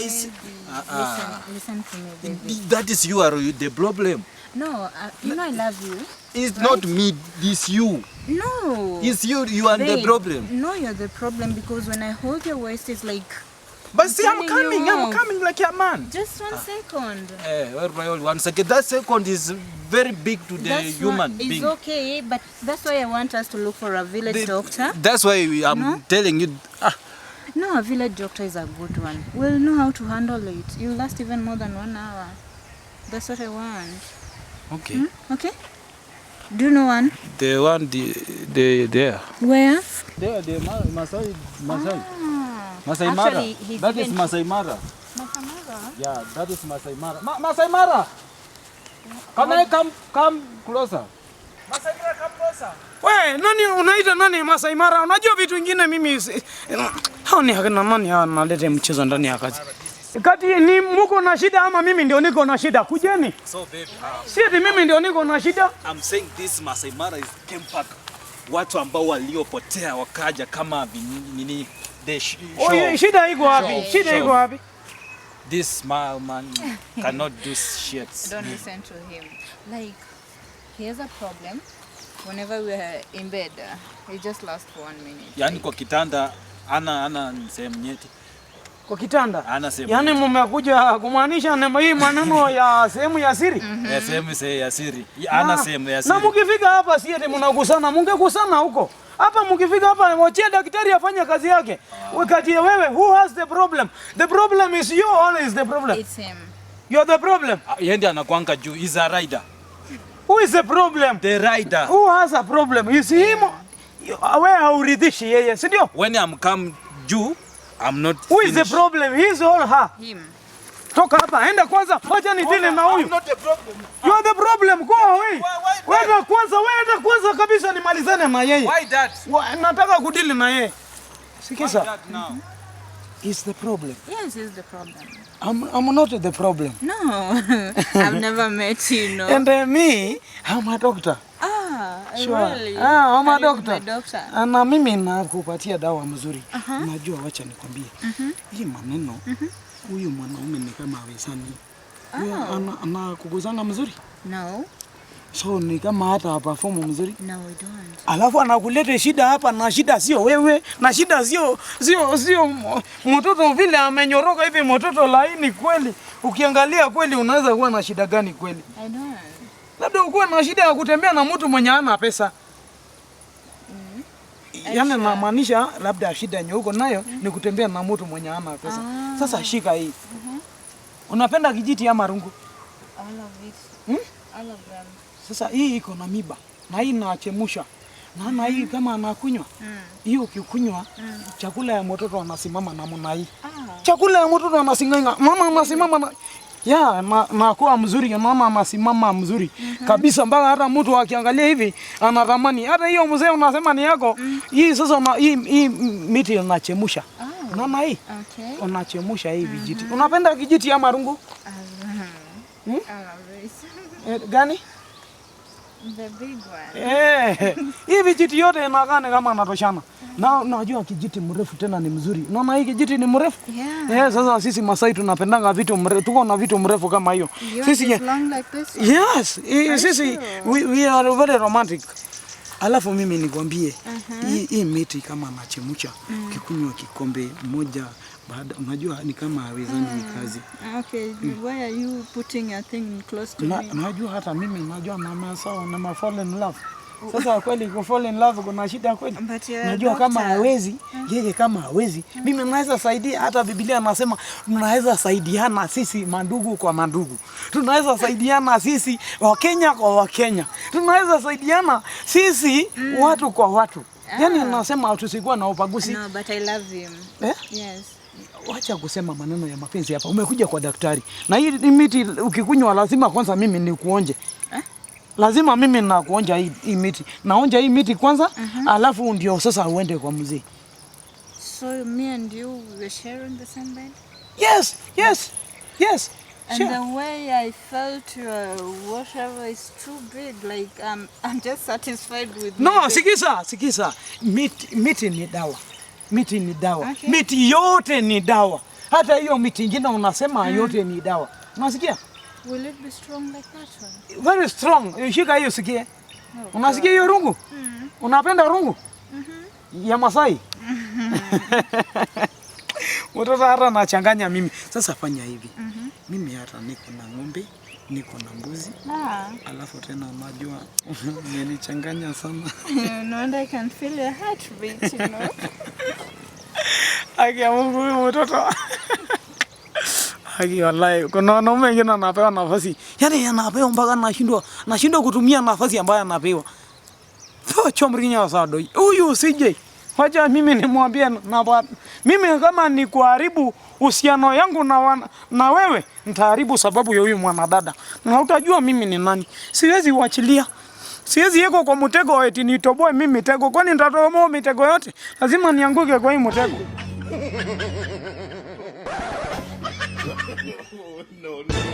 guys. Uh, uh, listen, listen to me, baby. That is you are the problem. No, uh, you know I love you. It's right? not me, it's you. No. It's you, you are Babe, the problem. No, you're the problem because when I hold your waist, it's like... But see, I'm coming, I'm coming like a man. Just one ah. second. Eh, well, well, one second. That second is very big to the that's human what, it's being. It's okay, but that's why I want us to look for a village the, doctor. That's why I'm no? telling you... Ah, No, a village doctor is a good one. We'll know how to handle it. You'll last even more than one hour. That's what I want. Okay. Hmm? Okay? Do you know one? The one the, the there. Where? There, the Ma Masai. Masai. Ah. Masai Mara. Actually, that is Masai Mara. Masai Mara? Yeah, that is Masai Mara. Ma Masai Mara! Can what? I come, come closer? We, nani unaita nani Masai Mara? Unajua vitu vingine mimi hao ni hakuna nani hao nalete mchezo ndani ya kazi. Kati ni mko na shida ama mimi ndio niko na shida? Kujeni. So babe. Ah. Sisi mimi ndio niko na shida. I'm saying this Masai Mara is game park. Watu ambao waliopotea wakaja kama nini The show. Oh, shida iko wapi? Shida iko wapi? This man cannot do shit. Don't listen to him. Like he has a problem whenever we are in bed uh, it just lasts for one minute yani like. kwa kitanda ana ana sehemu nyeti kwa kitanda ana sehemu yani mmekuja kumaanisha namba hii maneno ya sehemu ya siri mm -hmm. ya sehemu ya siri ah, ana sehemu ya siri na mkifika hapa si eti mnakusana mngekusana huko hapa mkifika hapa mwachie daktari afanye kazi yake. Ah. Wakati wewe who has the problem? The problem is you always the problem. It's him. You're the problem. Ah, yeye ndiye anakuanga juu. He's a rider. Who is the problem? The rider. Who has a problem? Is see him? Uh, wewe hauridhishi yeye, si ndio? When I'm come juu, I'm not Who is the problem? He's all her. Him. Toka hapa, enda kwanza, wacha nidile na huyu. You are the problem. Go away. Wewe kwanza, wewe kwanza kabisa nimalizane na yeye. Why that? Nataka kudili na yeye. Sikiza. Why that now? is the problem. Yes, is the problem. I'm, I'm not the problem. No, I've never met you, no. And uh, me, I'm a doctor. Ah, sure. Really? Ah, I'm a doctor. doctor. Na uh, mimi nakupatia dawa mzuri. Uh -huh. Najua, wacha nikwambie. Uh mhm. -huh. Hii maneno mhm. huyu uh -huh. mwanaume ni kama awezani. Oh. Ana, ana kuguzana mzuri? No. So ni kama hata hapa fomu mzuri. No, we don't. Alafu anakuleta shida hapa na shida sio wewe na shida sio sio sio mtoto vile amenyoroka hivi mtoto laini kweli. Ukiangalia kweli unaweza kuwa na shida gani kweli? I don't. Labda ukuwa na shida ya kutembea na mtu mwenye ana pesa. Mm. Yaani namaanisha labda shida yenye uko nayo mm, ni kutembea na mtu mwenye ana pesa. Ah. Sasa shika hii. Mm -hmm. Unapenda kijiti ama rungu? All of it. Hmm? All of them. Sasa hii iko na miba na hii inachemusha naana hii mm-hmm. kama anakunywa mm. hii ukikunywa mm. chakula ya mtoto anasimama namna hii, ah. chakula ya mtoto anasinganga mama anasimama na ya ma, nakuwa mzuri mama anasimama mzuri mm -hmm. kabisa mpaka hata mtu akiangalia hivi anatamani hata hiyo mzee unasema ni yako mm. hii sasa na, hii, hii miti inachemusha oh. Ah. naona hii okay. unachemusha hii vijiti mm -hmm. unapenda kijiti ama rungu uh ah. -huh. hmm? Eh, gani Eh, hii vijiti yote inakaa ni kama natoshana na najua kijiti mrefu tena ni mzuri. Unaona hii kijiti ni mrefu yeah. Yeah, sasa sisi Masai tunapendanga vitu mrefu, tuko na vitu mrefu kama hiyo sisi, like yes, sisi we, we are very romantic. Alafu mimi nikwambie uh-huh. hii uh -huh. Miti kama nachemucha mm. kikunywa kikombe moja baada, unajua ni kama hawezani ni ah, kazi. Okay, hmm. why are you putting a thing close to me? Unajua hata mimi najua mama sawa na ma fall in love. Oh. Sasa kweli ku fall in love kuna shida kweli? Najua kama hawezi, yeye kama hawezi, mimi naweza saidia. Hata Biblia anasema tunaweza saidiana sisi mandugu kwa mandugu, tunaweza saidiana sisi Wakenya kwa Wakenya, tunaweza saidiana sisi mm. watu kwa watu. Yaani anasema ah. tusikuwa na ubaguzi. No, but I love him. Eh? Yes wacha kusema maneno ya mapenzi hapa. Umekuja kwa daktari na hii miti ukikunywa lazima kwanza mimi nikuonje eh? Lazima mimi nakuonja hii, hii miti naonja hii miti kwanza uh mhm. -huh. Alafu ndio sasa uende kwa mzee. So me and you were sharing the same bed? Yes, yes, yes. And sure. the way I felt uh, whatever is too big, like um, I'm just satisfied with No, sikiza, sikiza. Miti, miti ni dawa miti ni dawa okay. Miti yote ni dawa, hata hiyo miti ingine unasema mm. yote ni dawa, unasikia? Will it be strong like that one? Very strong. Shika hiyo sikie. Oh, unasikia hiyo rungu mm. unapenda rungu mm -hmm. ya Masai mtoto mm -hmm. hata nachanganya mimi sasa. Fanya hivi mm -hmm. mimi hata niko na ng'ombe niko na mbuzi ah. Alafu tena unajua umenichanganya sana. Mm, no know, I can feel your heart beat, you know? Haki Mungu huyu mtoto. aki wallahi, kuna wanaume wengine anapewa nafasi. Yaani anapewa mpaka anashindwa, anashindwa kutumia nafasi ambayo anapewa. Sio chomrinya wasado. Huyu sije. Wacha mimi nimwambie na mimi kama ni kuharibu uhusiano yangu na wana, na wewe nitaharibu sababu ya huyu mwanadada. Na utajua mimi ni nani. Siwezi uachilia. Siwezi yeko kwa mtego eti nitoboe mimi mitego. Kwani nitatoboa mitego yote? Lazima nianguke kwa hii mtego. Oh, no, no.